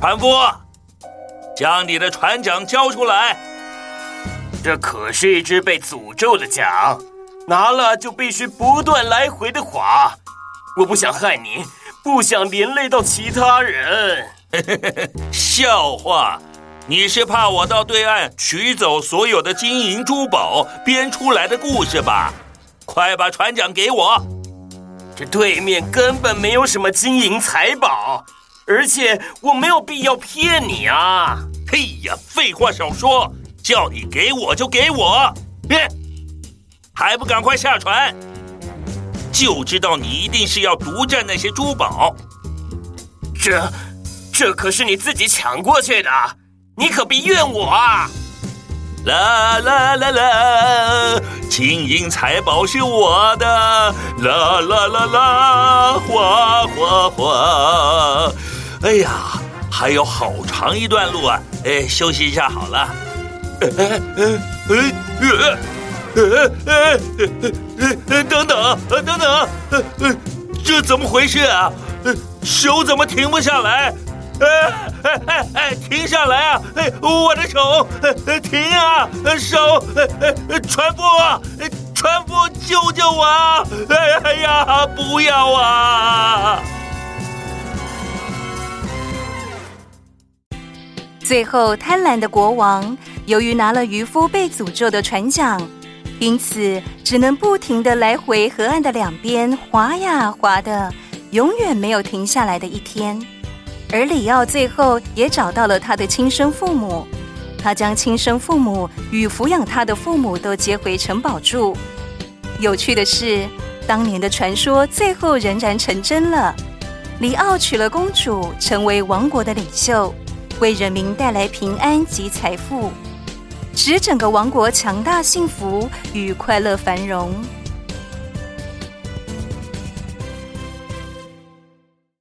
船夫，將你的船槳交出來。這可是一隻被詛咒的槳，拿了就必須不斷來回的划。我不想害你，不想連累到其他人，。 笑話，你是怕我到對岸取走所有的金銀珠寶，編出來的故事吧？快把船槳給我！這對面根本沒有什麼金銀財寶。而且我沒有必要騙你啊！嘿呀，廢話少說，叫你給我就給我，別、哎，還不趕快下船！就知道你一定是要獨占那些珠寶，這，這可是你自己搶過去的，你可別怨我啊！啦啦啦啦，金銀財寶是我的，啦啦啦啦，嘩嘩嘩。哎呀，還有好長一段路啊！哎，休息一下好了。哎哎哎哎，呃，呃呃呃呃，等等，呃等等，呃，這怎麼回事啊？手怎麼停不下來？哎哎哎哎，停下來啊！哎，我的手，停啊！手，呃呃，船夫，船夫，救救我！哎呀，不要啊！最後，貪婪的國王由於拿了漁夫被詛咒的船槳，因此只能不停地來回河岸的兩邊劃呀劃的，永遠沒有停下來的一天。而里奧最後也找到了他的親生父母，他將親生父母與撫養他的父母都接回城堡住。有趣的是，當年的傳說最後仍然成真了，里奧娶了公主，成為王國的領袖。為人民帶來平安及財富，使整個王國強大、幸福與快樂繁榮。